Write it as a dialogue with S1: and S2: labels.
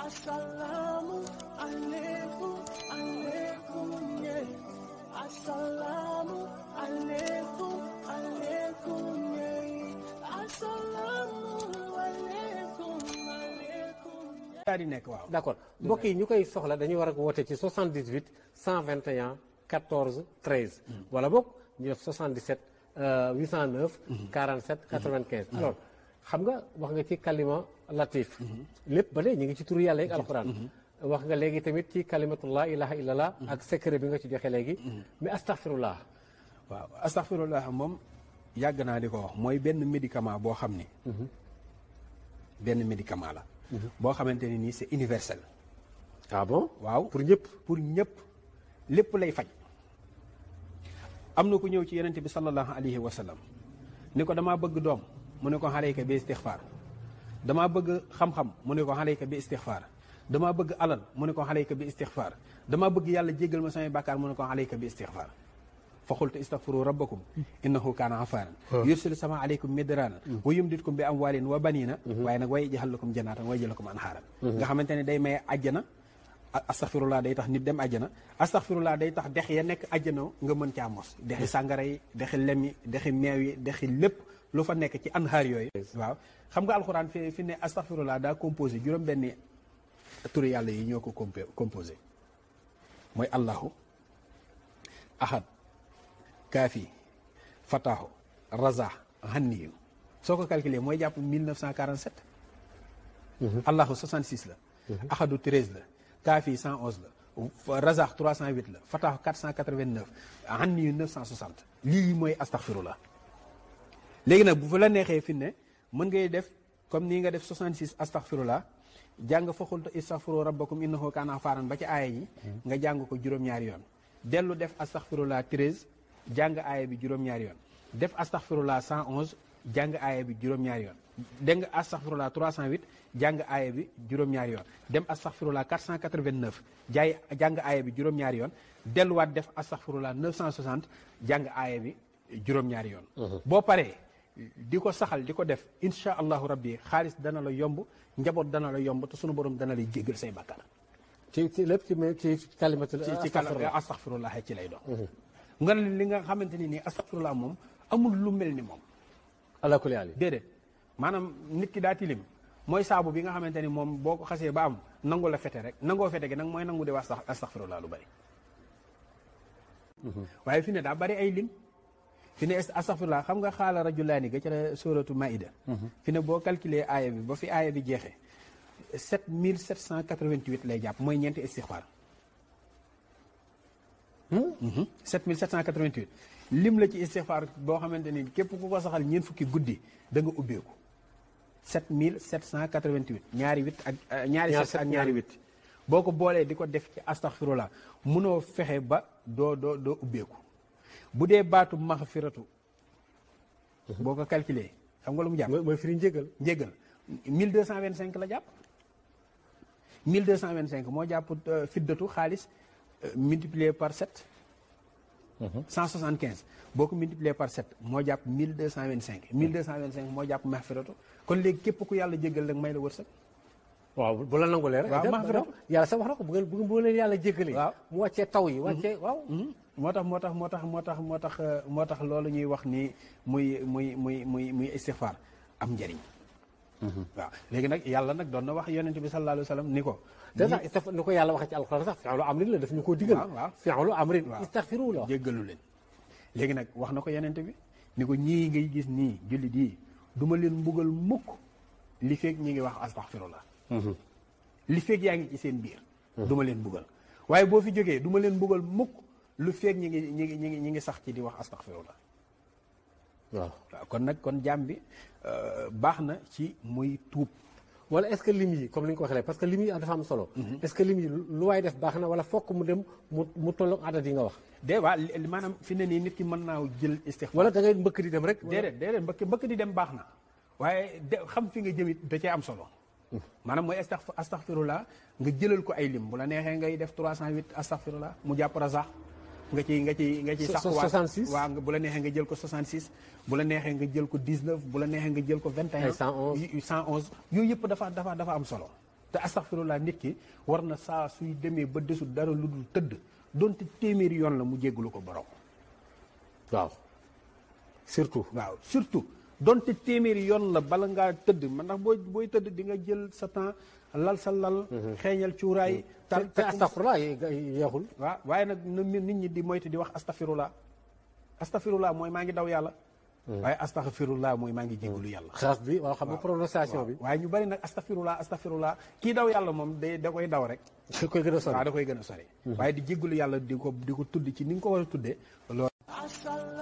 S1: Assalamu alaikum, alaikum, yeah. Assalamu alaikum, alaikum, yeah. Assalamu d'accord Donc, yi a 78 121 14 13. voilà nous ñu 77 809. 47 95 xam nga wax nga ci kalima latif lépp ba léegi ñu ngi ci turu yàlla yeeg wax nga léegi tamit ci kalimatu laa ilaha ak secret bi nga ci joxe léegi mais astaghfirullah waaw astaghfirullah moom yàgg naa di ko wax mooy benn médicament boo xam ni benn médicament la boo xamante ni nii c'est universel ah bon waaw pour ñëpp pour ñëpp lépp lay faj am na ku ñëw ci yonent bi sallallahu alayhi wa sallam ni ko damaa bëgg doom mune ne ko xaleyka bi istighfar dama bëgg xam-xam mune ne ko xaleyka bi istighfar dama bëgg alal mune ne ko xaleyka bi istighfar dama bëgg yàlla jéggal ma sama bakkar mune ne ko xaleyka bi istighfar fa xultu istaghfiru rabbakum innahu kana afaaran yursilu sama alaykum midran wa yumditkum bi amwalin wa banina way nak way jaxal jannatan way jëlakum anharan nga xamante day maye àjjana astaxfirullah day tax nit dem àjjana astaxfirullah day tax dex ya nekk àjjana nga mën ci mos dexi sàngara dexi lemi dexi meew yi dexi lépp lu fa nekk ci anhaar yooyu waaw xam nga alxuraan fi fi ne astaghfirullah daa composé juróom benni turi yàlla yi ñoo ko composé mooy allahu ahad kaafi fataahu raza hanniyu soo ko calculé mooy jàpp 1947 allahu 66 la ahadu 13 la kaafi 111 la razaax 308 la fataax 489 an niyu 960 lii mooy astaghfirullah léegi nag bu fa la neexee fi ne mën ngay def comme nii nga def 66 astaghfirullah jàng fa xultu istaghfiru rabbakum innahu kaana faaran ba ci aaya yi nga jàng ko juróom-ñaari yoon dellu def astaghfirullah 13 jàng aaya bi juróom-ñaari yoon def astaghfirullah 111 jàng aaya bi juróom-ñaari yoon dégg nga astaghfirullah 308 jàng aaya bi juróom-ñaari yoon dem astaghfirullah 489 jaay jàng aaya bi juróom-ñaari yoon delluwaat def astaghfirullah 960 jàng aaya bi juróom-ñaari yoon mhm. di ko saxal di ko def insha allah rabbi xaalis dana la yomb njaboot dana la yomb te sunu borom dana lay jéggal say bakkar ci ci lepp ci ci kalimatu ci ci astaghfirullah eh, ci lay do mhm. nga li nga xamanteni ni astaghfirullah mom amul lu melni ni ala kulli ali dede manam nit ki da tilim moy sabu bi nga xamanteni mom boko xasse ba am nangu la fete rek nangoo fete gi nak moy nangu di wax astaghfirullah lu bari mhm. waye fi ne da bari ay lim fine ne astaghfirullah xam nga xaala rajulaani ga ca suratu maida mhm. fi ne boo calculer aaya bi ba fi aaya bi jeexee 7788 lay jàpp mooy ñeenti istixfaar 7788 hmm? mhm. lim la ci istixfaar boo xamante ni képp ku ko saxal ñeent fukki guddi da nga ubbeeku 7788 ñaari wit euh, ak ñaari set ak ñaari wit boo ko boolee di ko def ci astaghfirullah mënoo fexe ba doo doo doo ubbeeku bu dee baatu maxfiratu boo ko calculé xam nga lu mu jàpp. mooy firi njëgal njëgal 1225 la jàpp. 1225 moo jàpp euh, fiddatu xaalis euh, multiplié par 7. 175 mhm. boo ko multiplié par 7 moo jàpp 1225 1225 moo jàpp maxfiratu kon léegi képp ku yàlla jéggal rek may la wërsëg. waaw bu la nangulee rek. waaw maxfiratu yàlla sa wax na ko bu ngeen bu leen yàlla jéggalee. waaw mu wàccee taw yi mhm. wàccee waaw. Mhm. moo tax moo tax moo tax moo tax moo tax euh, moo tax loolu ñuy wax nii muy muy muy muy muy istixfaar am njëriñ. Mhm. waaw léegi nag yàlla nag doon na wax yonent bi sallallahu alayhi wa ni ko. te sax istaf ni ko yàlla waxee ci alxuraan sax fi'lu amrin la daf ñu koo digal. waaw waaw fi'lu amrin istaghfiru la jéggalu leen. léegi nag wax na ko yonent bi ni ko ñii ngay gis nii jullit yi duma leen mbugal mukk li feeg ñi ngi wax la mhm. li feeg yaa ngi ci seen biir. Mhm. duma leen mbugal waaye boo fi jógee duma leen mbugal mukk lu fek ñi ngi ñi ngi ñi ngi ñi sax ci di wax astaghfirullah waaw kon nak kon jambi euh baxna ci muy tuub wala est ce que limi comme ni ko parce que limi dafa am solo. Mhm. est ce que limi lu way def baxna wala fokk mu dem mu mu adat yi nga wax. de wa manam fi ne ni nit ki man na jël istighfar wala da ngay mbeuk di dem rek. déedéet déedéet mbeuk mbeuk di dem baxna waye xam fi nga jëmit da cee am solo. Mm. manam moy astaghfirullah nga jëlal ko ay lim bu la nexé ngay def 308 astaghfirullah mu japp nga ci nga ci nga ci sax waat 66 bu la neexee nga jël ko 66 bu la neexee nga jël ko 19 bu la neexee nga jël ko 21 111 111 yooyu yëpp dafa dafa dafa am solo te laa nit ki war na saa suy demee ba desu dara lu dul tëdd donte téeméeri yoon la mu jéggalu ko borom waaw surtout waaw surtout donte téeméeri yoon la bala ngaa tëdd man ndax booy booy tëdd di nga jël sa temps lal sa lal. Mhm. xeeñal cuuraay. Mhm. tal te astafurla yeexul. waaw waaye nag nit ñi di moytu di wax astafurla astafurla mooy maa ngi daw yàlla. Mhm. waaye astaghfirullah mooy maa ngi jégalu yàlla. xaas bi waaw xam nga prononciation bi. waaye ñu bari nag astaghfirullah astaghfirullah kii daw yàlla moom day da koy daw rek. koy gën a sori waaw da koy gën a sori. waaye di jégalu yàlla di ko di ko tudd ci ni nga ko war a tuddee